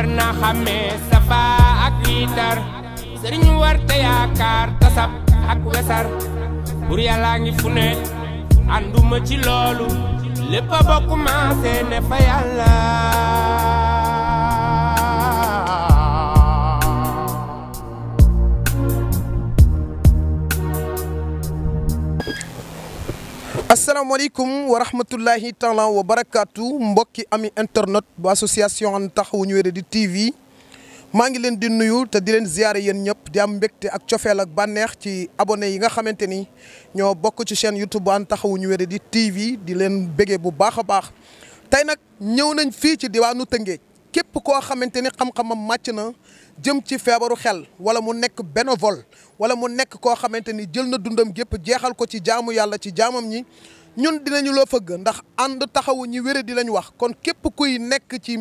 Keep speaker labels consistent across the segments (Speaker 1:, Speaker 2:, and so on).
Speaker 1: war na xàmmee safa ak wiitar sëriñ war te yaakaar tasab ak wesar bur yàllaa ngi fu ne
Speaker 2: ànduma ci loolu lépp a bokk ne fa yàlla
Speaker 3: asalaamaaleykum wa rahmatullahi taala wa barakaatu mbokki ami internet bu association taxawu ñu wéré di TV maa ngi leen di nuyu te di leen ziare yéen ñëpp di am mbégte ak cofeel ak bànneex ci abone yi nga xamante ni ñoo bokk ci chaîne YouTube bu an taxawu ñu wéré di TV di leen béggee bu baax a baax tey nag ñëw nañ fii ci diwaanu Tëngéej képp koo xamante ni xam-xamam màcc na jëm ci feebaru xel wala mu nekk bénévole wala mu nekk koo xamante ni jël na dundam gépp jeexal ko ci jaamu yàlla ci jaamam ñi ñun dinañu la fëgg ndax ànd taxawu ñi wéradi lañ wax kon képp kuy nekk ci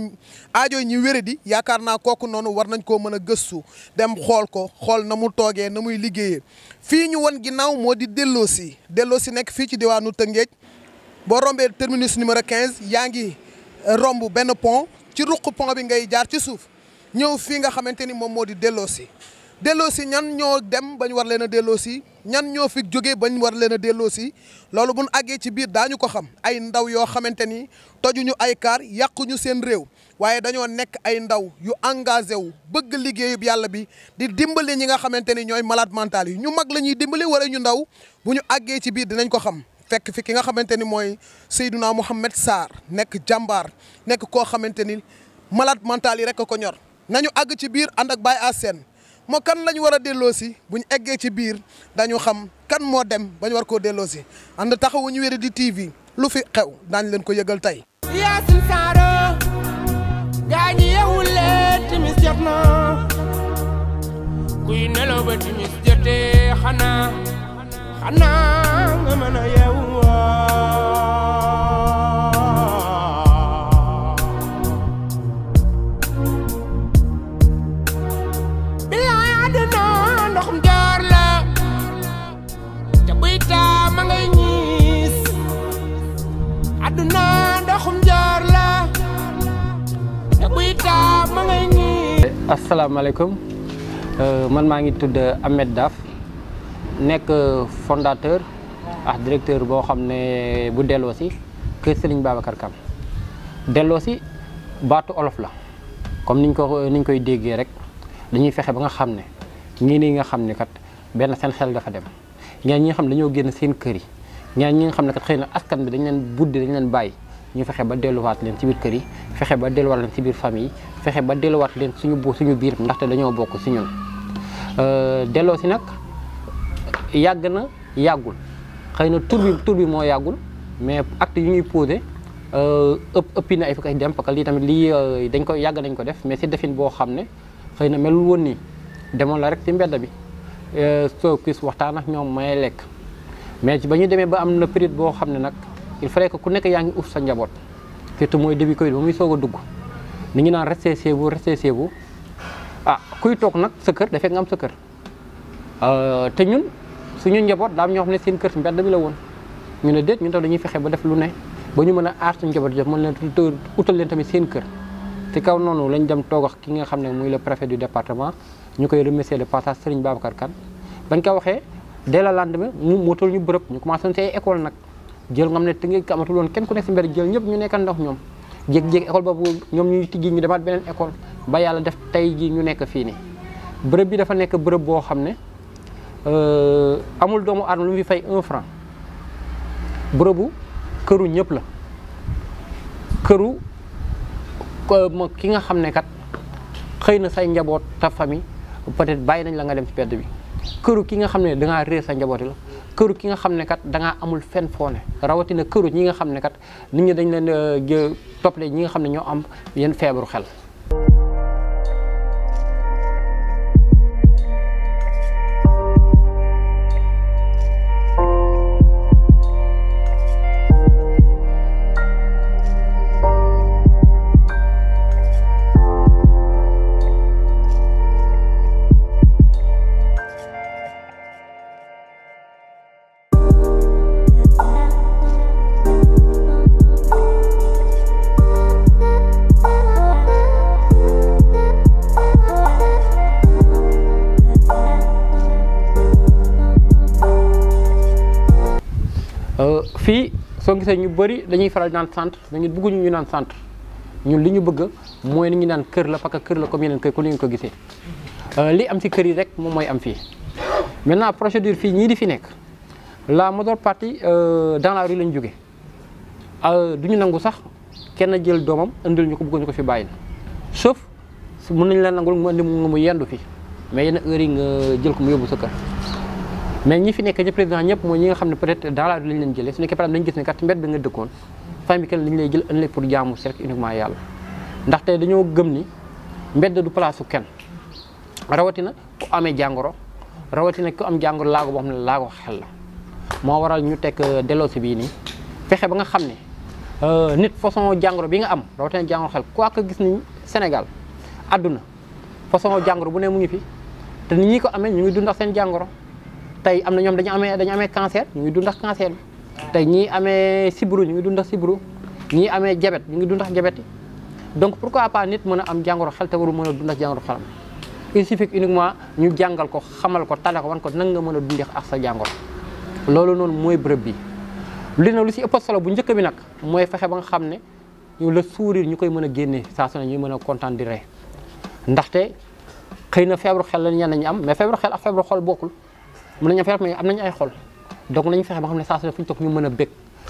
Speaker 3: aajo ñi wéradi yaakaar naa kooku noonu war nañ koo mën a gëstu dem xool ko xool na mu toogee na muy liggéeyee fii ñu wan ginnaaw moo di delloosi delloosi nekk fii ci diwaanu Tëngéej boo rombee terminus numéro quinze yaa ngi romb benn pont ci ruq pont bi ngay jaar ci suuf ñëw fii nga xamante ni moom moo di delloosi delloosi ñan ñoo dem ba ñu war leen a delloosi ñan ñoo fi jógee bañ war leen a delloo si loolu bu ñu àggee ci biir daañu ko xam ay ndaw yoo xamante ni tojuñu ay kaar yàquñu seen réew waaye dañoo nekk ay ndaw yu engagé wu bëgg liggéeyub yàlla bi di dimbali ñi nga xamante ni ñooy malaat mental yi ñu mag la ñuy dimbali wala ñu ndaw bu ñu àggee ci biir dinañ ko xam. fekk fi ki nga xamante ni mooy Seydouna Mohamed Sarr nekk jàmbaar nekk koo xamante ni malade mental yi rek ko ñor nañu àgg ci biir ànd ak Baye Assène moo kan lañ war a delloo si buñ eggee ci biir dañu xam kan moo dem bañ war koo delloosi si ànd taxawu ñu wéri di TV lu fi xew daañ leen ko yëgal tey
Speaker 1: Yacine Saaro gaa ñi yewul leen timis jot na kuy
Speaker 4: nelaw ba timis jotee xanaa xanaa nga mën a yeewoo
Speaker 1: asalaamaaleykum euh, man maa ngi tudd Ahmed Daf nekk fondateur ak directeur boo xam ne bu Delossi kër Serigne Babacar Kane Delossi baatu olof la comme ñu ko niñ koy déggee rek dañuy fexe ba nga xam ne ñii nii nga xam ne kat benn seen xel dafa dem ñeneen ñi nga xam ne génn seen kër yi ñeneen ñi nga xam ne kat xëy na askan bi dañu leen buddi dañ leen bàyyi. ñu fexe ba delluwaat leen ci biir kër yi fexe ba delluwaat leen ci biir famille fexe ba delluwaat leen suñu bu biir ndaxte dañoo bokk si ñun euh, delloo si nag yàgg na yàggul xëy na tur bi bi moo yàggul mais acte yu ñuy posé euh, ëpp ëppi na ay fukki dem parce lii tamit lii euh, dañ ko yàgg nañ ko def mais si defin boo xam ne xëy na mel woon nii demoon la rek si mbedd bi soo kis waxtaan ak ñoom may lekk mais ba ñu demee ba am na période boo xam ne nag il fallait que ku nek yaangi ngi uuf sa njaboot surtout moy debi koy ba muy soog a dugg ni ñu naan resté seebu resté vous ah kuy tok nak sa kër dafee nga am sa euh te ñun suñu da am ñoo xamne ne seen kër mbedd bi la woon ñu ne deet ñun taw dañuy fexé ba def lu ne ba ñu mëna art aar suñu njaboot jox mën leen utal leen tamit seen keur ci kaw nonu lañ dem tok ak ki nga xamne muy le préfet du département ñu koy remercier le passage Serigne Babacar kan bañ ko waxé dès le lendemain mu motul ñu bërepp ñu commencé ay école nak jël nga xam ne ka amatul lon ken ku nek ci mbir jël ñep ñu nekkan ndox ñom jek jek école bobu ñom ñuy tigi ñu demaat benen école ba yalla def tay ji ñu nekk fi ni bërëb bi dafa nekk bërëb bo xamne euh amul doomu arme lu mu fi fay 1 franc bërëbu këru ñep la këru euh, ki nga xamne kat xeyna na say njabot ta fami peut-être bay nañ la nga dem ci pedd bi këru ki nga xamne da nga ré sa njabooti la këru ki nga xam ne kat danga amul fenn foone rawatina këru ñi nga xam ne kat nit ñi dañ leen euh, toppale ñi nga xam ne ñoo am yenn feebaru xel soo gisee ñu bëri dañuy faral di naan centre dañu bëgguñu ñu naan centre ñun li ñu bëgg mooy ni ñu naan kër la parce que kër la comme yeneen kër ko ni ñu ko gisee euh, li am si kër yi rek moom mooy am fii maintenant procédure fii ñii di fi nekk la majeure partie euh, dans la rue la jóge euh, du ñu nangu sax kenn jël doomam indil ñu ko bëggoon ñu ko fi bàyyi na sauf mën nañ la nangul mu indi mu yendu fii mais yenn heure yi nga jël ko mu yóbbu sa kër mais ñi fi nekk ñi président ñëpp mooy ñi nga xam ne peut-être dans la rue lañ leen jëlee su nekkee par exemple dañu gis ne kat mbedd bi nga dëkkoon famille ndaxte dañoo gëm ni mbedd du place kenn rawatina ku amee jàngoro rawatina ku am jàngoro laago boo xam ne laago xel la moo waral ñu teg euh, delloosi bii nii fexe ba nga xam ne euh, nit façon jàngoro bi nga am rawatina jàngoro xel quoi que gis ni Sénégal àdduna façon jàngoro bu ne mu ngi fi te nit ñi ko amee ñu ngi dund ak seen jàngoro Tay am na dañu amé dañu amé cancer ñu ngi dundax cancer tay ñi amé sibru ñu ngi dundax sibru ñi amé diabète ñu ngi dundax diabète donc pourquoi pas nit mëna am jangoro xel te waru mën jangor khal. ak il suffit uniquement ñu jangal ko xamal ko talé ko wan ko nang nga mëna a ak sa jangoro lolu non moy bërëb bi li na lu ci ëpp bu njëkk bi nak moy fexé ba nga xamné ñu le sourire ñu koy mën a ne ñuy content di ré ndaxte xëy na xel lañu ñaan ñi am mais febru xel ak febru xol bokul mën nañu fexe mais am nañu ay xol donc nañu fexe ba xam ne saa su ne ñu toog ñu mën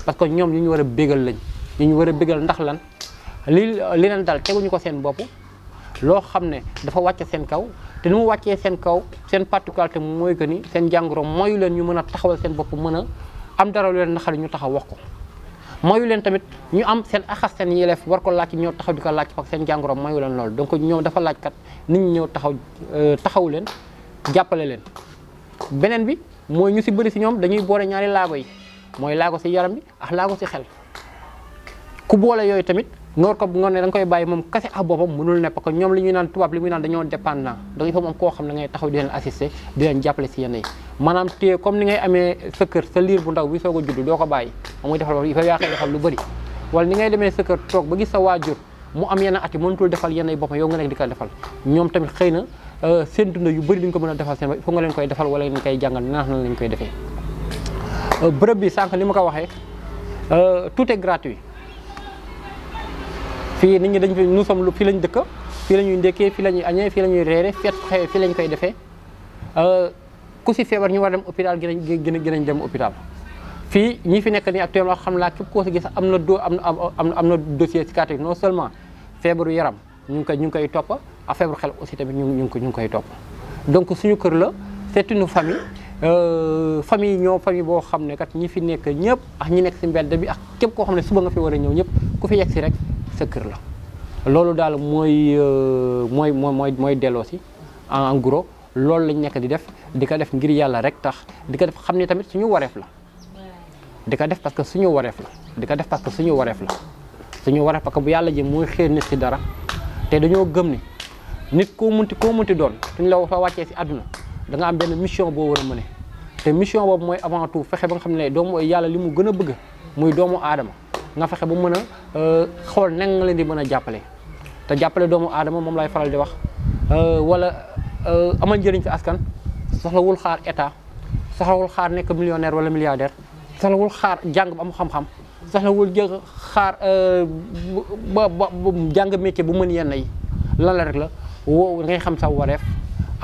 Speaker 1: a que ñoom ñu ñu war a bégal lañ ñu ñu war a bégal ndax lan li li leen dal teguñu ko seen bopp loo xam ne dafa wàcce seen kaw te ni mu wàccee seen kaw seen particularité mooy que ni seen jàngoro mooyu leen ñu mën a taxawal seen bopp mën a am dara lu leen naxari ñu taxaw wax ko mooyu leen tamit ñu am seen axas seen yelef war ko laaj ñëw taxaw di ko laaj parce que seen jàngoro mooyu leen loolu donc ñoom dafa laaj kat nit ñu ñëw taxaw euh, taxawu leen jàppale leen beneen bi mooy ñu si bëri si ñoom dañuy boole ñaari laago yi mooy laago si yaram bi ak laago si xel ku boole yooyu tamit nga war ko nga ne da koy bàyyi moom kase ak boppam mënul ne parce que ñoom li ñuy naan tubaab li naan dañoo dépendant donc il faut moom koo xam ne ngay taxaw di leen assister di leen jàppale ni ngay amee sa kër liir bu ndaw bi soog a judd doo ko bàyyi moom muy defal ba il faut yaa koy defal lu bëri wala ni sa kër toog ba gis sa waajur mu am yenn at yi mënutul defal yenn yi boppam yow nga nekk di ko defal ñoom tamit xëy na Euh, seen dund yu bari duñ ko mën a defal seen bopp foog nga leen koy defal wala ngeen koy jàngal naax na lañ koy defee euh, bërëb bi sànq li ma ko waxee euh, tout est gratuit fii nit ñi dañ fi nous fii lañ dëkk fii la ñuy ndékkee fii la ñuy añee fii la ñuy reere feet xewee fii lañ koy defee ku si feebar ñu war dem hôpital gën a gën a dem hôpital fii ñi fi nekk nii actuellement xam laa képp koo si gis am na do am na am na dossier psychiatrique non seulement feebaru yaram ñu koy ñu ngi koy topp a feebaru xel aussi tamit ñu ñu ngi ñu koy top donc suñu kër la c'est une famille euh, famille ño famille bo xamne kat ñi fi nek ñepp ak ñi nek ci mbedd bi ak képp ko xamne ne suba nga fi wara a ñepp ku fi yexi si rek sa kër la lolu dal moy euh, moy moy moy delo ci en gros lolu lañ nek di def di ko def ngir yalla rek tax di ko def xamne ne tamit suñu waref la di ko def parce que suñu waref la di ko def parce que suñu waref la suñu waref parce que bu yalla ji moy xéer nit si dara té dañu gëm ni nit koo munti koo munti doon suñ la wax fa wàccee si àdduna danga nga am benn mission boo war a mëne te boobu mooy avant tout fexe ba nga xam ne doomu yàlla li mu gën a bëgg muy doomu aadama nga fexe ba mu mën a euh, xool nan nga leen di mën a jàppale te jàppale doomu aadama moom lay faral di wax euh, wala euh, amal njëriñ fi askan soxlawul xaar état soxlawul xaar nekk millionnaire wala milliardaire soxlawul xaar jàng ba am xam-xam soxlawul jël xaar ba ba jàng métier bu mën yenn yi lan la rek la wo ngay xam sa wareef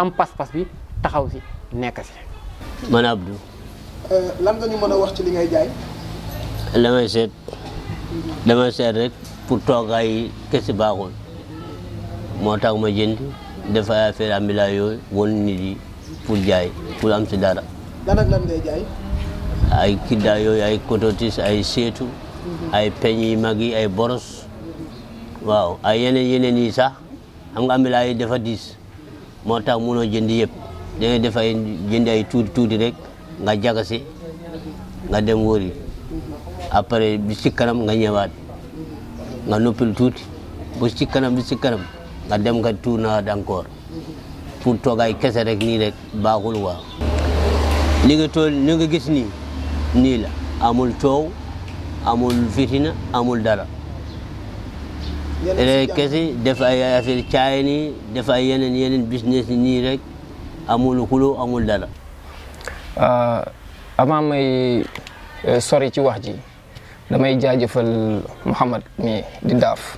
Speaker 1: am pass pass bi taxaw ci
Speaker 3: nek ci man abdou euh, lan nga ñu mëna wax ci li ngay jaay
Speaker 5: damay seet damay seet rek pour toogaay kessi baaxul moo tax ma jënd def ay affaire la yooyu won nit yi pour jaay pour am ci dara
Speaker 3: lan ak lan ngay jaay
Speaker 5: ay kida ay kototis ay setu mhm. ay peñi magi ay boros waaw ay yene yeneen sax xam nga ambulance yi dafa diis moo tax mënoo jënd yëpp dangay def ay jënd ay tuuti tuuti rek nga jagase nga dem wóori après bi ci kanam nga ñëwaat nga noppil tuuti bu ci kanam bi ci kanam nga dem nga tuunaat encore pour toogaay kese rek nii rek baaxul waaw li nga tool li nga gis nii nii la amul coow amul fitina amul dara kesi def ay affaire caay nii def ay yeneen yeneen business yi nii rek amul xuloo amul dala
Speaker 4: ah, avant may eh, sori ci wax ji damay jaajëfal Mouhamad mi di daaf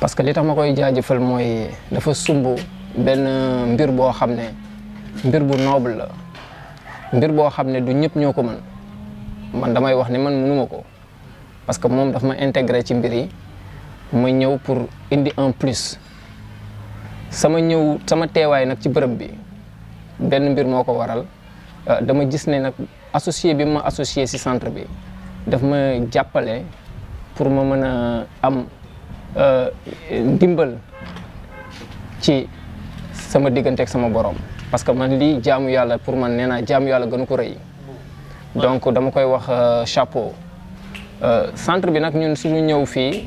Speaker 4: parce que li tax ma koy jaajëfal mooy dafa sumb benn mbir boo xam ne mbir bu noble la mbir boo xam ne du ñëpp ñoo ko mën man damay wax ne man mënuma ko parce que moom daf ma integre ci mbir yi. ma ñew pour indi en plus sama ñew sama téway nak ci bërëb bi ben mbir moko waral euh, dama gis né nak associé bi ma associé si centre bi daf ma jappalé pour ma mëna am am euh, dimbal ci sama digënté ak sama borom parce que man li jaamu yalla pour man néna jaamu yalla gënu ko reuy donc dama koy wax euh, chapeau centre bi nak ñun suñu ñew fi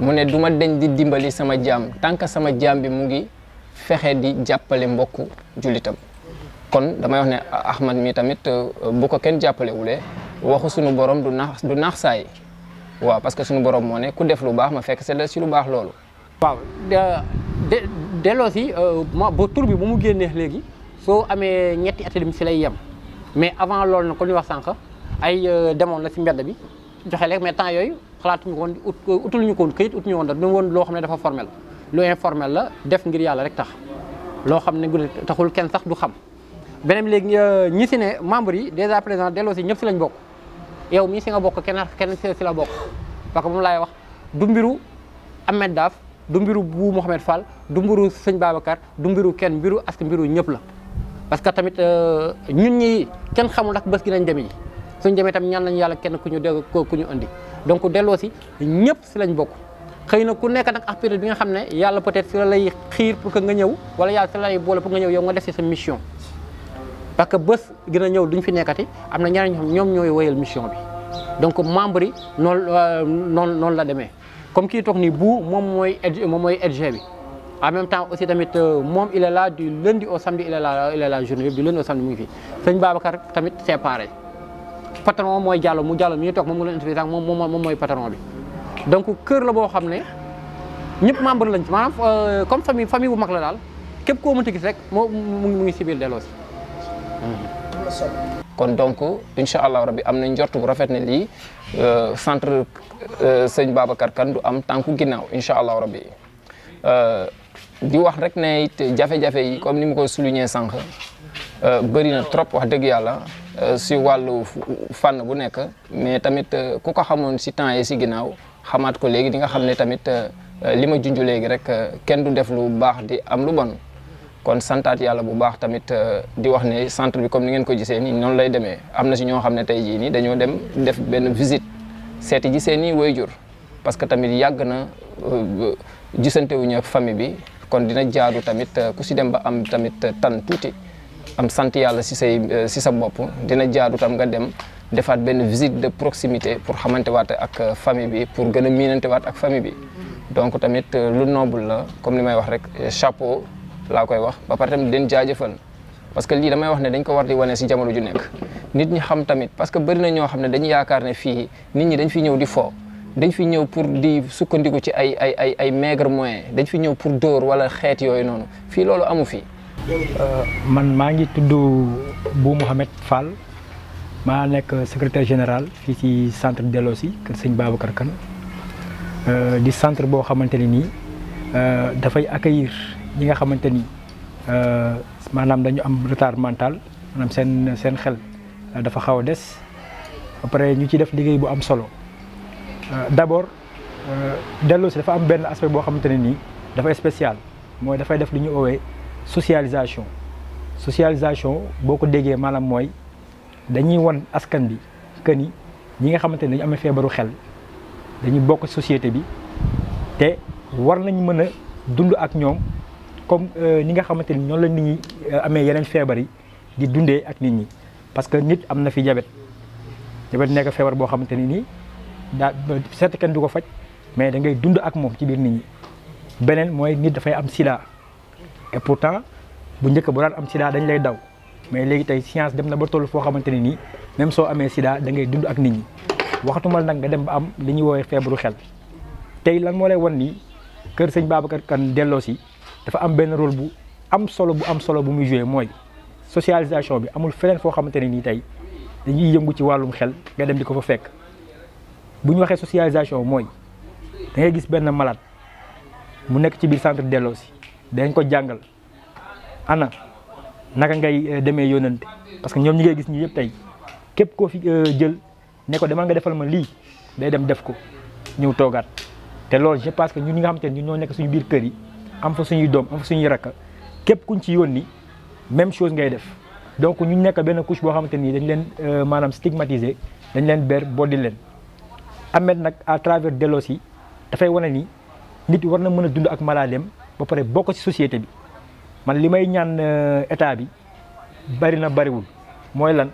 Speaker 4: mu ne du ma deñ di dimbali sama jaam tant que sama jaam bi mu ngi fexe di jàppale mbokk jullitam kon dama wax ne Ahmad mi tamit euh, bu ko kenn jàppale wulee waxu sunu borom du nax du naax saay waaw parce que sunu borom moo ne ku def lu baax ma fekk se si lu baax loolu. waaw
Speaker 1: de delloo si euh, ma ba tur bi bu mu génnee léegi soo amee ñetti at si lay yem mais avant loolu na ko ñuy wax sànq ay euh, demoon la si mbedd bi joxe lekk mais temps yooyu. xalaatuñu woon ut utul ñu ko woon këyit utuñu woon da doon woon loo xam ne dafa formel lu informel la def ngir yàlla rek tax loo xam ne taxul kenn sax du xam beneen léegi euh, ñi si ne membre yi dèjà présent delloo si ñëpp si lañ bokk yow mii si nga bokk kenn kenn si la bokk parce que moom laay wax du mbiru Ahmed Daaf du mbiru bu Mouhamed Fall du mbiru sëñ Babacar du mbiru kenn mbiru askan mbiru ñëpp la parce que tamit euh, ñun ñi kenn xamul ak bés gi nañ demee suñ demee tam ñaan nañu yàlla kenn ku ñu dégg ku ñu indi donc delloo si ñëpp si lañ bokk xëy na ku nekk nag ak période bi nga xam ne yàlla peut-être si la lay xiir pour que nga ñëw wala yàlla si lay boole pour nga ñëw yow nga def si sa mission parce que bés gën a ñëw duñ fi nekkati am na ñeneen ñoo ñoom ñooy woyal mission bi donc membre yi noonu euh, noonu noonu la demee comme kii toog nii bu moom mooy moom mooy EDG bi en même temps aussi tamit euh, moom il est là du lundi au samedi il est là il journée bi du lundi au samedi mu ngi fi sëñ Babacar tamit c'est pareil patron moy jallo mu jallo mi tok mom moom la interview mom mom mom moy patron bi donc keur la bo xamne ne membre lañ ci maanaam euh, comme famille famille bu mak la daal képp koo mënta gis rek mo mu ngi si biir mmh.
Speaker 4: kon donc inshallah allah rabbi amna ñortu bu rafet ne euh centre euh, seigne babacar kan du am tanku ginnaaw inshallah allah rabbi euh, di wax rek ne jafé jafé yi comme ni mu ko souligner sank Euh, bëri na trop wax dëgg yàlla euh, si wàllu fànn bu nekk mais tamit euh, ku ko xamoon si temps yi si ginnaaw xamaat ko léegi di nga xam ne tamit li ma junj léegi rek kenn du def lu baax di am lu bon kon santaat yàlla bu baax tamit di wax ne centre bi comme ni ngeen ko gisee nii noonu lay demee am na si ñoo xam ne tey jii nii dañoo dem def benn visite seeti ji seen i waajur parce que tamit yàgg na gisante ak famille bi kon dina jaaru tamit ku si dem ba am tamit tan tuuti. am sant yàlla si say euh, si sa bopp dina jaadu tam nga dem defaat benn visite de proximité pour xamante waat ak euh, famille bi pour gën a miinante waat ak famille bi donc tamit euh, lu noble la comme li may wax rek chapeau laa koy wax ba pare tamit den jaajëfal parce que lii damay wax ne dañ ko war di wane si jamono ju nekk nit ñi xam tamit parce que bëri na ñoo xam ne dañu yaakaar ne fii nit ñi dañ fi ñëw di fo dañ fi ñëw pour di sukkandiku ci ay ay ay ay maigre moyen dañ fi ñëw pour dóor wala xeet yooyu noonu
Speaker 2: Eh, man ma ngi tuddu Bou mohammed Fall ma nek secrétaire général fi ci centre Delossi kër seigne Babacar euh di centre bo xamanteni ni eh, da fay accueillir ñi nga xamanteni euh manam dañu am retard mental manam sen sen xel dafa xaw dess après ñu ci def liggéey bu am solo d'abord Delossi dafa am ben aspect bo xamanteni ni nii dafay spécial da fay def li ñu owe socialisation socialisation boo dégué déggee moy dañuy won askan bi que ni ñi nga xamante ne dañu amee feebaru xel dañuy bokk société bi té war nañ mëna dund ak ñom comme ñi euh, nga xamante ñoo ñoom la nit ñi euh, amé yeneen fièvre yi di dundé ak nit ñi parce que nit amna fi diabète diabète nek fièvre bo xamante ni nii daa seet kenn du ko faj mais da ngay dund ak mom ci bir nit ñi benen moy nit da fay am sida et pourtant bu njëkk bu daan am sida dañ lay daw mais léegi tey science dem na ba toll foo xamante ne nii même soo amee sida dangay dund ak nit ñi waxatumal nag nga dem ba am li ñuy woowee feebaru xel tey lan moo lay wan ni kër sëñ Babacar Kane delloo si dafa am benn rôle bu am solo bu am solo bu muy joué mooy socialisation bi amul feneen foo xamante ne nii tey dañuy yëngu ci wàllum xel nga dem di ko fa fekk bu ñu waxee socialisation mooy da gis benn malade mu nekk ci biir centre delloo si dañ ko jàngal ana naka ngay euh, demee yónnante parce que ñoom ñi ngay gis nii yëpp tey képp koo fi euh, jël ne ko demal nga defal ma lii day dem def ko ñëw toogaat te loolu je parce que ñun ñi nga xamante ne ñun ñoo nekk suñu biir kër yi am fa suñuy doom am fa suñuy rakka képp kuñ ci yónni même chose ngay def donc ñu nekk benn couche boo xamante nii dañ leen euh, maanaam stigmatisé dañ leen ber boddi leen Ameth nag à travers Delos yi dafay wane nii nit war na mën a dund ak malaadeem ba pare bokk ci société bi man li may ñaan euh, état bi bari na bariwul mooy lan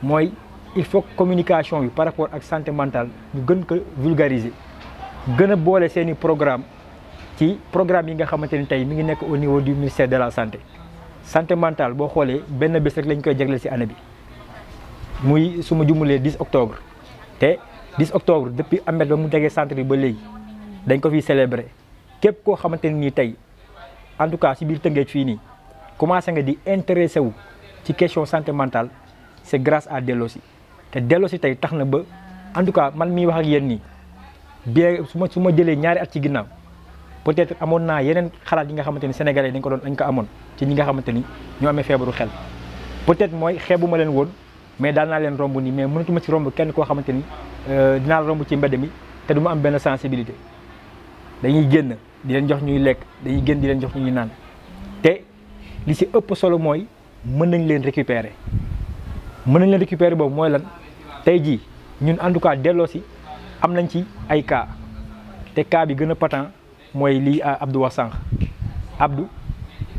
Speaker 2: mooy il faut communication bi par rapport ak santé mentale ñu gën ko vulgariser gën a boole seen i programme ci programme yi nga xamante ni tey mi ngi nekk au niveau du ministère de la santé santé mentale boo xoolee benn bés rek lañ koy jagleel ci année bi muy su ma jumulee 10 octobre te 10 octobre depuis Ameth ba mu tegee centre bi ba léegi dañ ko fiy célébrer képp ko xamanteni ni tay en tout cas ci biir tëngeej fii ni commencé nga di intéressé wu ci question santé mentale c'est grâce à Delosi té Delosi tay taxna ba en tout cas man mi wax ak yeen ni bien suma suma jëlé ñaari at ci ginnaw peut-être amon na yenen xalaat yi nga xamanteni sénégalais dañ ko doon dañ ko amon ci ñi nga xamanteni ni amé fièvre xel peut-être moy xébuma len won mais daan naa leen romb mais mënatuma ci rombu kenn euh, rombu ci mbédé mi té duma am sensibilité dañuy génn di leen jox ñuy lekk dañuy génn di leen jox ñuy naan te li si ëpp solo mooy mën nañ leen récupérer mën nañ leen récupérer boobu mooy lan tey jii ñun en tout cas delloo si am nañ ci ay cas te cas bi gën a patent mooy lii Abdou wax sànq Abdou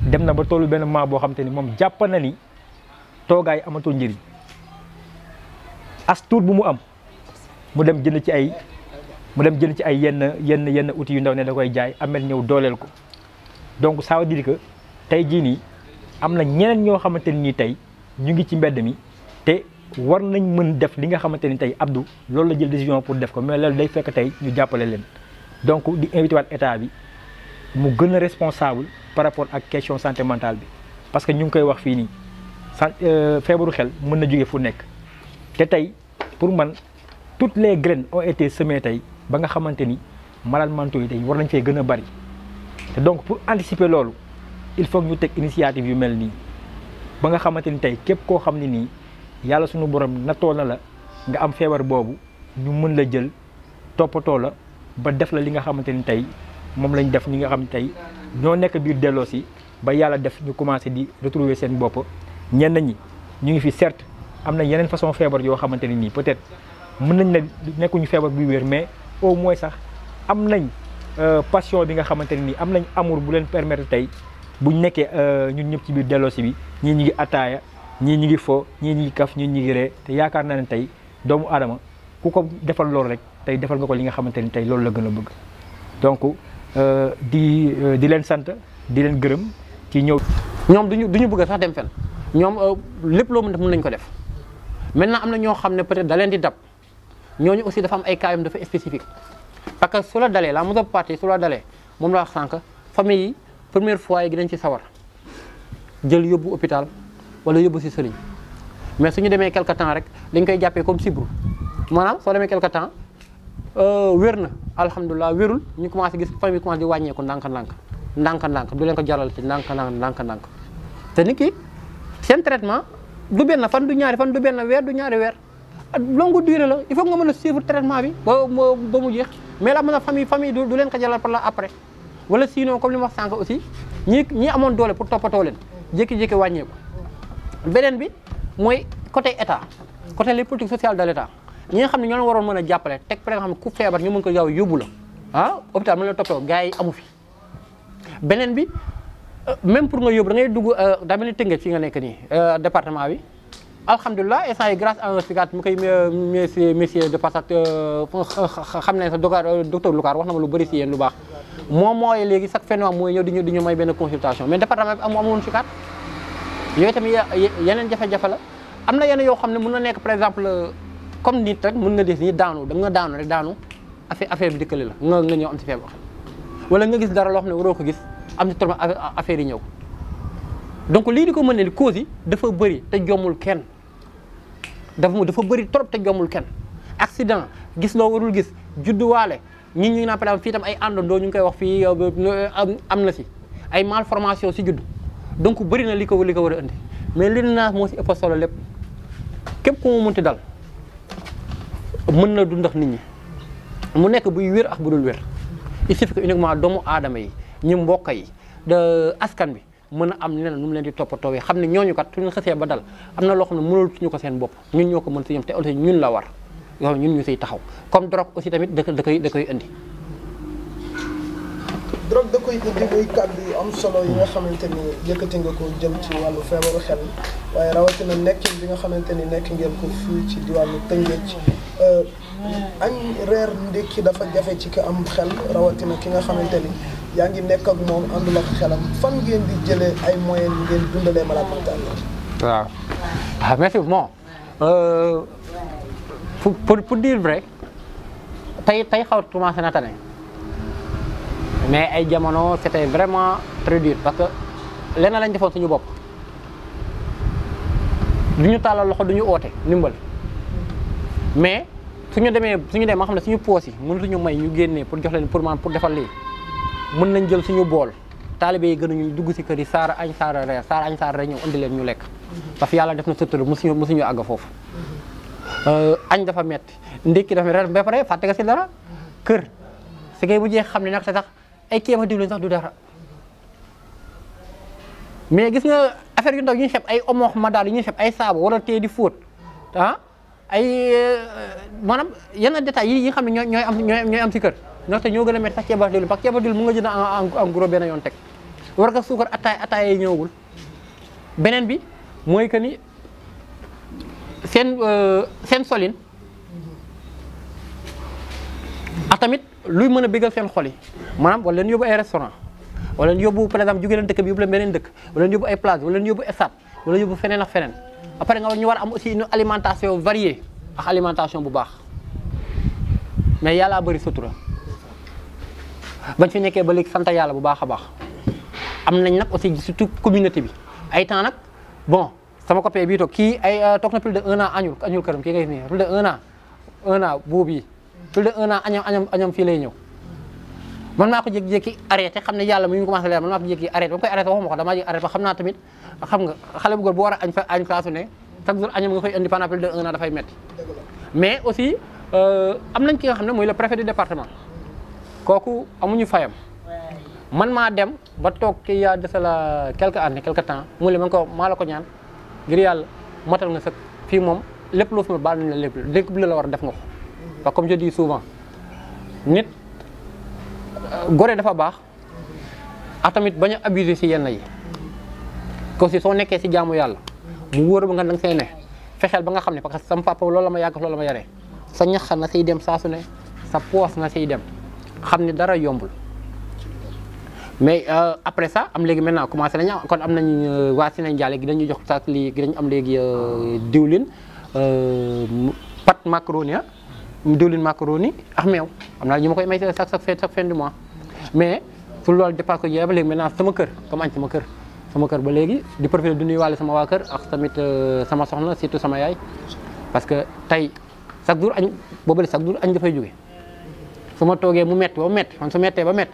Speaker 2: dem na ba toolu benn maa boo xam te ni moom jàpp na ni toogaay amatul njëriñ as tuut bu mu am mu dem jënd ci ay mu dem jël ci ay yenn yenn yenn outils yu ndaw ne da koy jaay amel ñëw dooleel ko donc ça veut dire que tey jii nii am na ñeneen ñoo xamante ni tey ñu ngi ci mbedd mi te war nañ mën def li nga xamante ni tey Abdou loolu la jël décision pour def ko mais loolu day fekk tey ñu jàppale leen donc di invité waat état bi mu gën a responsable par rapport ak question santé bi parce que ñu ngi koy wax fii nii san euh, feebaru xel mën na jóge fu nekk te tey pour man toutes les graines ont été tey ba nga xamante ni malades yi tey war nañ fee gën a bari te donc pour anticiper loolu il faut ñu teg initiative yu mel nii ba nga xamante ni tey képp koo xam ne nii yàlla suñu borom nattoo na la nga am feebar boobu ñu mën la jël toppatoo la ba def la li nga xamante ni tey moom lañu def ñi nga xam tey ñoo nekk biir delloo si ba yàlla def ñu commencé di retrouver seen bopp ñenn ñi ñu ngi fi certes am na yeneen façon feebar yoo xamante ni nii peut-être mën nañ ne nekkuñu feebar buy wér mais au mooy sax am nañ euh, passion bi nga xamante ne nii am nañ amour bu leen permettre tey buñ nekkee euh, ñun ñëpp ci biir delloosi bi ñii ñi ngi ataaya ñii ñi ngi fo ñii ñi ngi kaf ñii ñi ngi te yaakaar naa ne tey doomu aadama ku ko defal loolu rek tey defal nga ko li nga xamante ni tey loolu la gën a bëgg donc euh, di di leen sant di leen gërëm ci ñëw. ñoom duñu duñu bëgg sax dem fen ñoom
Speaker 1: lépp loo mën def mën nañ ko def maintenant am na ñoo xam ne peut-être da leen di dab. ñooñu aussi dafa am ay kaayam dafa spécifique parce que su la dalee la majeure partie su la dalee moom la wax sànq famille yi première fois yi dinañ ci sawar jël yóbbu hôpital wala yóbbu si sëriñ mais su ñu demee quelque temps rek dañ koy jàppee comme si sibru maanaam soo demee quelque temps euh, wér na alhamdulilah wérul ñu commencé gis famille commencé di wàññeeku ndànk-ndànk ndànk-ndànk du leen jaral ci ndànk-ndànk ndànk-ndànk te nit ki seen traitement du benn fan du ñaari fan du benn weer du ñaari longue durée la il faut nga mën a suivre traitement bi ba ba mu jeex mais la mën a famille famille du leen ko jalal par la après wala sinon comme li ma wax sànq aussi ñi ñi amoon doole pour toppatoo leen jékki-jékki wàññeeku beneen bi mooy côté état côté les politiques sociales de l' ñi nga xam ne ñoo leen waroon mën a jàppale teg par exemple ku feebar ñu ko gaaw yóbbu la ah hôpital mën la toppatoo gars yi amu fi beneen bi euh, même pour nga yóbbu da ngay dugg euh, daa mel ni Tëngéej fi nga nekk nii euh, département bi alhamdulilah instant yi grâce à un psychiatre mu koy monsieur monsieur de euh, euh, wax na lu bëri si yéen lu baax moom mooy léegi chaque fin mois mooy ñëw di ñu di benn consultation mais département bi amu amoon psychiatre yeneen jafe la am na yenn yoo xam ne mën na nekk par exemple comme nit rek mën nga gis ni daanu da nga daanu rek daanu affaire affaire bi dikkali la nga nga ñëw am si feebar wala nga gis dara loo xam ne waroo ko gis am si trop affaire yi ñëw donc lii di ko mën ne cause yi dafa bëri te jommul kenn dafa mu dafa bëri trop te jommul kenn accident gis loo warul gis judduwaale ñi ñu naa par exemple fii tam ay ànd àndandoo ñu ngi koy wax fii euh, euh, euh, am na si ay mal formation si juddu donc bëri na li ko li ko war a indi mais li naa moo si ëpp solo lépp képp ku mu munti dal mën na dund ak nit ñi mu nekk buy wér ak bu dul wér il suffit que uniquement doomu aadama yi ñu mbokk yi de askan bi mën a am leneen nu mu leen di toppatoowee xam ne ñooñu kat suñu xësee ba dal am na loo xam ne mënul suñu ko seen bopp ñun ñoo ko mën si ñoom te aussi war yow ñun ñu siy taxaw comme drogue aussi tamit da koy da koy da koy indi
Speaker 3: muy kàddu solo yi nga xamante ni yëkkati nga ko jëm ci wàllu feebaru xel waaye rawatina nekkin bi nga xamante ni nekk ngeen ko fii ci diwaanu Tëngéej euh, añ reer ndékki dafa jafe ci ki am xel rawatina ki nga xamante ni. yaa ngi nekk ak moom àndul ak xelam fan ngeen di jëlee ay moyens yu ngeen dundalee malade mental
Speaker 5: waaw
Speaker 1: ah merci bon euh, pour, pour pour dire vrai tey tey xaw commencé na tane mais ay jamono c'était vraiment très dur parce que lenn lañ defoon suñu bopp du ñu tàllal loxo du ñu oote ndimbal mais suñu demee suñu demee ma xam ne suñu poos yi mënatuñu may ñu génnee pour jox leen pour man pour defal lii mën nañ jël suñu bool taalibe yi gënuñu dugg si kër yi saara añ saara reer saara añ saara reer ñëw indi leen ñu lekk parce que yàlla def na sëttale musuñu musuñu àgg foofu euh, añ dafa metti ndékki dafa reer ba pare fàtte nga si dara kër si xam ne nag sax ay kéema diwlin sax du dara gis nga affaire yu ndaw yu ñu xeeb ay omoox ma daal yu ñuy xeeb ay saabu wala tee di fóot ah ay euh, maanaam yenn détails yi nga xam ne ñooy am ñooy am si kër ndaxte ñoo gën a ma sax ceebar diwlin parce que ceebar diwlin mu nga jënd en gros benn yoon war nga suukar attaay attaay yi ñëwagul beneen bi mooy que ni seen euh, seen solin ak tamit luy mën a bégal seen xol yi maanaam wala leen yóbbu ay restaurant wala leen yóbbu par exemple jóge leen dëkk bi yóbbu leen beneen dëkk wala leen yóbbu ay plage wala leen yóbbu stade wala yóbbu feneen a feneen après nga war ñu war am aussi une alimentation variée ak alimentation bu baax mais yàlla bëri sutura bañ fi nekkee ba léegi sant yàlla bu baax a baax am nañ nag aussi surtout communauté bi ay temps nag bon sama copain bii toog kii ay euh, toog na plus de un an añul añul këram kii ngay nii plus de un an un yi plus fii lay ñëw man maa ko jékki-jékki arrêté xam ne yàlla mi ngi commencé leer man xam naa tamit xam nga xale ne chaque jour añam nga koy indi pendant plus de un an dafay metti mais aussi euh, am nañ ki nga xam ne mooy le préfet du département Koku amuñu fayam man ma dem ba ki ya de sala quelque année quelque temps mu le ma ko maa ko ñaan ngir yàlla matal nga sax fi mom lepp lu fuma baal nañ la bi la war def nga ko ba mm-hmm. comme je dis souvent nit
Speaker 4: euh, goré
Speaker 1: dafa bax ak tamit bañ abuser ci yenn yi ko ci so nekké ci jaamu yalla mu mm-hmm. woor ba nga nang fay ne fexel ba nga xam ne parce que sama papa loolu ma yag loolu ma yaree sa ñax na dem sa su ne sa poos na sey dem xam ne dara yombul mais euh, après ça am léegi maintenant commencé nañu kon am nañ euh, waa nañ jaale gi dañu jox saak lii gi dañu am léegi euh, diwlin pâte macaroni ah diwlin macaroni ak meew am naa ñu ma koy may sax sax fin du mois mais su loolu dépasse ko jeex ba léegi maintenant sama kër comme añ sama kër sama kër ba léegi di profité du nuyuwaale sama waa kër ak tamit sama soxna surtout sama yaay parce que tey chaque jour añ boobale chaque jour añ dafay jóge su ma toogee mu metti ba mu metti man su mettee ba metti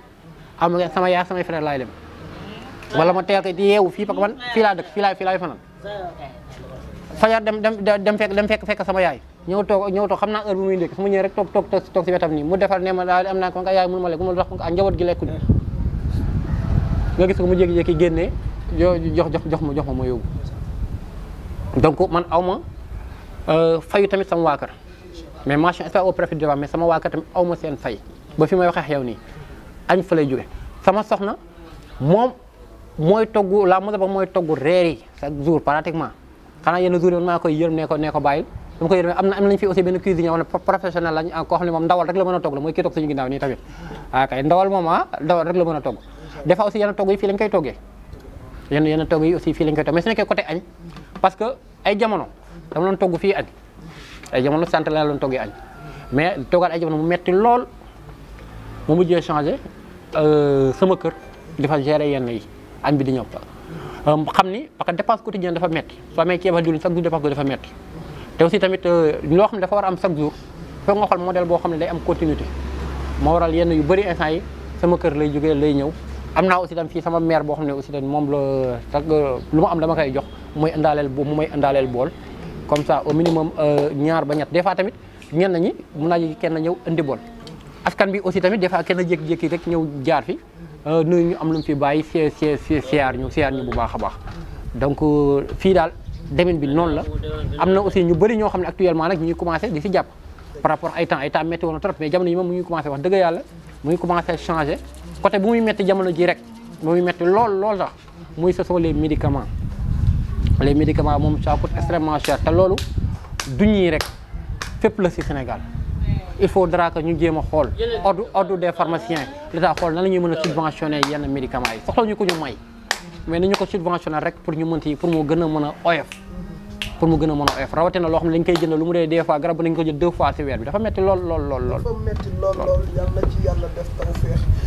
Speaker 1: am nga sama yaa samay feneen laay dem wala ma teel ko di yeewu fii parce que man fii laa dëkk fii laa fii laay fanaan fajar dem dem dem fekk dem fekk fekk sama yaay ñëw toog ñëw toog xam naa heure bu muy ndékki su ma ñëwee rek toog toog toog si wetam nii mu defar ne ma daal am naa ko nga yaay mënu ma lekk mënu ma dox ak njaboot gi lekkuñu nga gis ko mu jékki-jékki génnee yoo jox jox jox ma jox ma ma yóbbu donc man aw ma euh, fayu tamit sama waa mais mention spéciale au préfet Dioba waa kër tamit aw ma seen fay ba fi may waxee yow nii añ fa lay jóge sama soxna moom mooy togg la mos ba mooy togg reer yi chaque jour pratiquement xanaa yenn jour yi koy yërëm ne ko ne ko bàyyil dama ko yërëm am na am nañ fi aussi benn cuisinier wax ne professionnel lañ ah, koo xam rek la mën a togg la mooy kii toog suñu ginnaaw nii tamit waa ah, kay ndawal moom ah ndawal a togg des fois aussi yenn togg yi fii togg yi aussi fii lañ koy toggee añ parce que ay jamono dama doon togg fii añ ay jamono sant laa doon toggee añ mais toggaat ay jamono mu metti lool mu mujjee changé euh, sama kër dafa gérer yenn yi añ bi di ñëw euh, xam ni parce que dépense quotidienne dafa metti soo amee ceeb ak diwlin chaque dafa metti te tamit euh, loo xam ne dafa am chaque jour foog nga xool modèle boo xam ne day am continuité moo yenn yu bëri instant yi sama kër lay jógee lay ñëw am naa aussi tam fii sama mère boo xam ne aussi tam moom la lu ma am dama koy jox muy indaaleel bu mu may indaaleel bool comme ça au minimum euh, ñaar ba ñett des tamit ñenn ñi mun naa ji kenn ñëw indi bool askan bi aussi tamit des kenn jékki-jékki rek ñëw jaar fi euh, nuyu ñu am lu fi bàyyi si si si siyaar ñu siyaar bu baax a baax donc euh, fii daal demin bi noonu la na aussi ñu bëri ñoo xam ne actuellement nag ñu ngi commencé di si jàpp par rapport ay temps ay temps métti woon na trop mais jamono yi moom mu ngi commencé wax dëgg yàlla mu ngi commencé changé côté bu muy métti jamono ji rek bu muy metti lool lool sax muy ce sont les médicaments les médicaments moom ça coûte extrêmement cher te loolu du ñii rek fépp la si Sénégal il faudra que ñu jéem a xool ordre ordre des pharmaciens l'état xool na la ñuy mën a subventionné yenn médicaments yi soxla ñu ko ñu may mais nañu ko subventionné rek pour ñu yi pour mu gën a mën a oyof pour mu gën a mën a oyof rawatina loo xam ne dañ koy jënd lu mu dee des fois garab nañ ko jël deux fois ci weer bi dafa metti lool lool lool lool.
Speaker 3: lool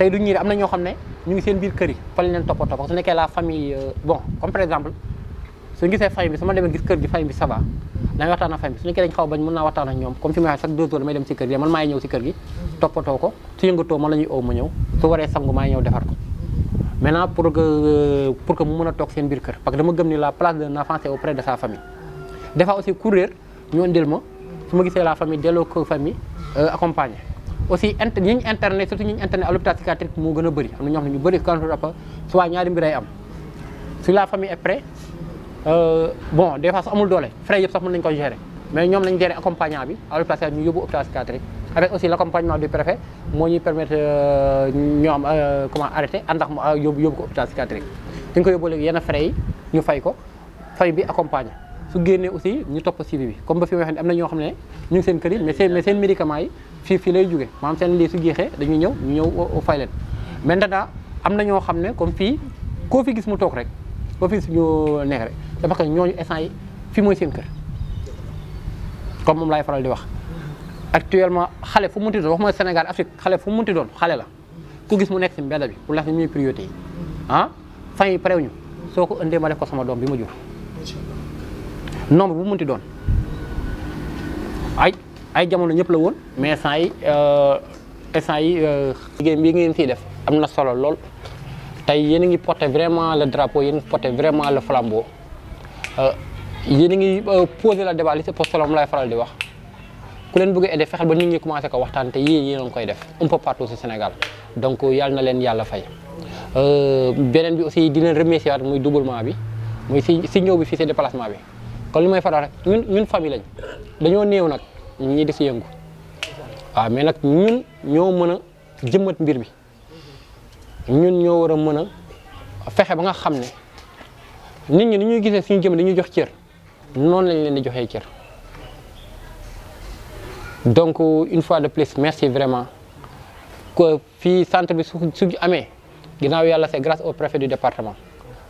Speaker 1: tay du ñi amna ño xamne ñu ngi seen biir kër yi fa lañ leen parce que su la famille euh, bon comme par exemple su sé famille bi sama dem gis kër gi famille bi ça va damay waxtaan ak famille bi su nekkee dañ xaw bañ mëna waxtana ñom comme fi may chaque deux jours may dem ci kër gi man may ñew ci kër gi toppatoo ko su yëngatoo man la ñuy ow ma ñew su waré sangu may ñew defar ko maintenant pour que euh, pour que mu mëna a seen biir kër parce que dama gëm ni la place d'un enfant c'est auprès de sa famille des aussi courir ñu ndil ma su ma la famille délo ko famille euh, accompagner aussi inter ñi ñu interné surtout ñi ñu interné à l'hôpital psychiatrique moo gën a bëri am na ñoo ne ñu bëri contre apa soit ñaari mbir am si la famille est prête euh, bon des fois su amul doole frais yëpp sax mën nañu ko gérer mais ñoom lañ gérer accompagnant bi a l'hôpital psychiatrique ñu yóbbu hôpital psychiatrique avec aussi l' accompagnement du préfet moo ñuy permettre euh, ñoom euh, comment arrêté àndax yóbbu yóbbu ko hôpital psychiatrique dañ ko yóbbu léegi yenn frais yi ñu fay ko fay bi accompagner su génnee aussi ñu topp suivi bi comme ba fi may wax ne am na ñoo xam ne ñu seen kër yi mais seen mais seen médicaments yi fii fii lay juge maanaam seen lii su jeexee dañuy ñëw ñu ñëw fay leen maintenant am na ñoo xam ne comme fii koo fi gis mu toog rek koo fi gis ñu neex rek dafa ko ñooñu instant yi fii mooy seen kër comme moom laay faral di wax actuellement xale fu munti doon waxuma Sénégal Afrique xale fu munti doon xale la ku gis mu nekk si mbedd bi pour la ñuy priorité yi ah fan yi parew soo ko indee ma def ko sama doom bi ma jur nombre bu muñti doon ay ay jamono ñep la woon mais sa yi instant yi euh, euh, ligue bi ngeen fi def amna solo lol tay yeen ngi porter vraiment le drapeau yeen porter vraiment le flambeau euh yeen ngi euh, poser la débat li c'est pour cela lay faral di wax ku len bëgg aider fexal ba nit ñi commencé ko waxtaan te yeen yéen a koy def un peu partout ci Sénégal donc yàlla na len yalla fay benen bi aussi di leen remercier wat muy doublement bi muy si si bi fi ci déplacement bi kon li may faral rek ñun ñun lañ dañoo néew nag ñi di si yëngu waaw mais nag ñun ñoo mën a jëmmat mbir mi ñun ñoo war a mën a fexe ba nga xam ne nit ñi ni ñuy gisee suñu jëm dañuy jox cër noonu lañ leen di joxee cër donc une fois de plus merci vraiment ko fii centre bi su su amee ginnaaw yàlla c'est grâce au préfet du département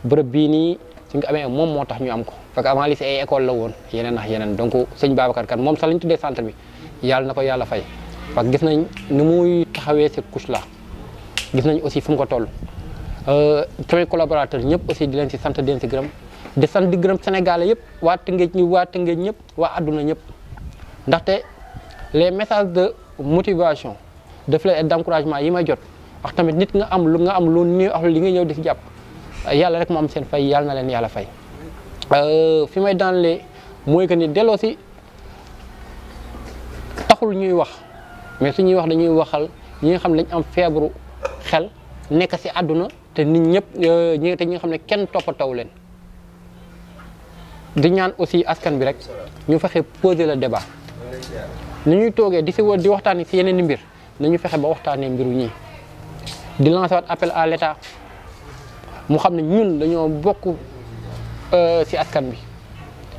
Speaker 1: bërëb nii. suñu amé mom motax ñu am ko parce avant lycée ay école la woon yenen ak yenen donc sëñ Babacar kan mom sax lañ tuddé centre bi yalla nako yalla fay fak gis nañ ni muy taxawé ci couche la gis nañ aussi fu ko toll euh samay collaborateur ñëpp aussi di leen ci centre di leen di sant di gërëm sénégalais yëpp waa tëngeej ñi waa tëngeej wa aduna àdduna ndax té les messages de motivation de fleur et d'encouragement yima jot wax tamit nit nga am lu nga am lu ni ak li nga ñew di si jàpp yalla rek mo am seen fay yalla na len yalla fay fi may daanlee moy que ni delloo taxul ñuy wax mais suñuy wax dañuy waxal ñi nga xam lañ am fièvre xel nek si aduna té nit ñepp ñi té ñi nga xam kenn toppataw leen di ñaan aussi askan bi rek ñu fexé poser le débat ni ñuy togué di ci di waxtani ci yeneen mbir nañu fexé ba waxtani mbiru ñi di lancer appel à l'état mu xam ne ñun dañoo bokk si euh, askan bi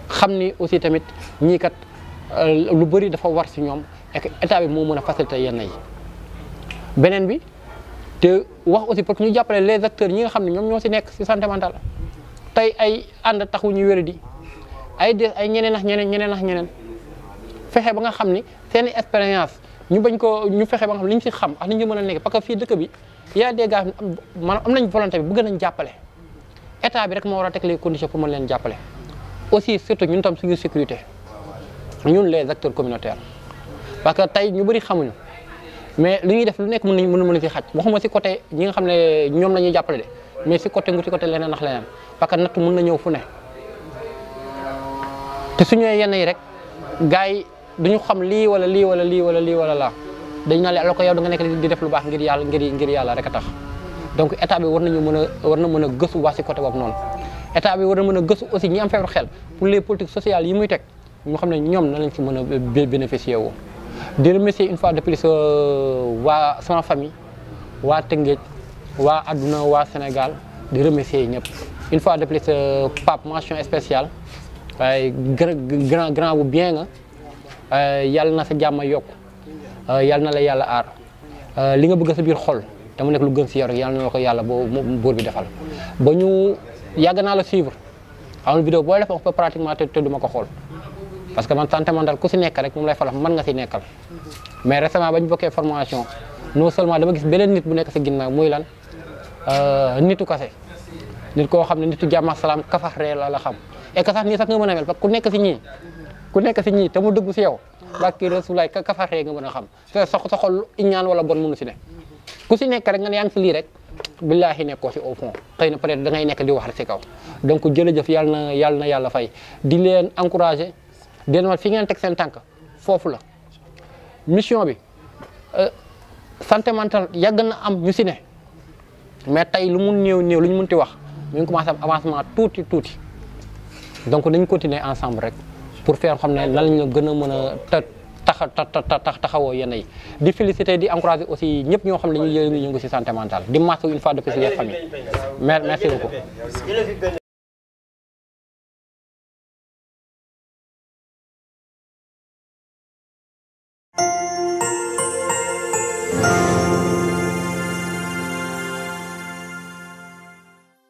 Speaker 1: xam ni aussi tamit ñii kat euh, lu bëri dafa war si ñoom ek état bi moo mën a faciliter yenn yi beneen bi te wax aussi pour que ñu jàppale les acteurs ñi nga xam ne ñoom ñoo ci nekk ci santé mentale tey ay ànd taxu ñu wéradi ay des ay ñeneen ak ñeneen ñeneen ak ñeneen fexe ba nga xam ni seen expérience ñu ba bañ ko ñu fexe ba nga xam li ñu si xam a li ñu ci mën a nekk parce que fii dëkk bi y de des gars am nañ volonté bi bëgg nañ jàppale état bi rek moo war a teg les conditions pour mën leen jàppale aussi surtout ñun tam suñu sécurité ñun les acteurs communautaires parce que tey ñu bëri xamuñu mais lu ñuy def lu nekk mën nañu mën a ci xaj waxuma si côté ñi nga xam ne ñoom la ñuy jàppale de mais si côté ngu si côté leneen nax leneen parce que natt mën na ñëw fu ne te suñu yenn yi rek gars yi duñu xam lii wala lii wala lii wala lii wala laa dañ naa la ko yow da nekk di def lu baax ngir yàlla ngir ngir yàlla rek a tax donc état bi war nañu mën a war na mën a gëstu waa si côté boobu noonu état bi war na mën a gëstu aussi ñi am feebar xel pour les politiques sociales yi muy teg xam ne ñoom na lañ si mën a bénéficier wu di remercier une fois de plus euh, waa sama famille waa Tëngéej waa àdduna waa Sénégal di remercier ñëpp une fois de plus euh, Pape mention spéciale waaye grand grand bu bien nga yàlla na sa jàmm yokk Euh, yàlla na la yàlla aar euh, li nga bëgg si biir xol te mu nekk lu gën si yow yàlla na la ko yàlla boo buur bi defal ba ñu yàgg naa la suivre amul vidéo booy def wax ba pratiquement te duma ko xool parce que man santé mentale ku si nekk rek moom lay falax ma nga si nekkal mais récemment ba ñu bokkee formation non seulement dama gis beneen nit bu nekk si ginnaaw muy lan euh, nitu kase nit koo xam ne nitu jàmm ak salaam kafax ree la la xam et que sax nii sax nga mën a mel ku nekk si ñii ku nekk si ñii te mu dëgg si yow bàkki rasulaay ka ka fa ree nga mën xam xam te sox soxol iñaan wala bon mënu si ne ku si nekk rek nga ne yaa ngi si lii rek billaahi nekkoo si au fond xëy na peut-être da ngay nekk di wax rek si kaw donc jërëjëf yàlla na yàlla na yàlla fay di leen encouragé di leen wax fi ngeen teg seen tànk foofu la mission bi euh, santé mentale yàgg na am ñu si ne mais tey lu mun néew néew lu ñu mun ti wax ñu ngi commencé am avancement tuuti tuuti donc nañ continuer ensemble rek pour faire xam ne lan la gën a mën a taxa tax taxawoo yenn yi di féliciter di encourager aussi ñëpp ñoo xam ne ñu yëngu yëngu ci santé di masser une fois de plus les familles
Speaker 5: merci beaucoup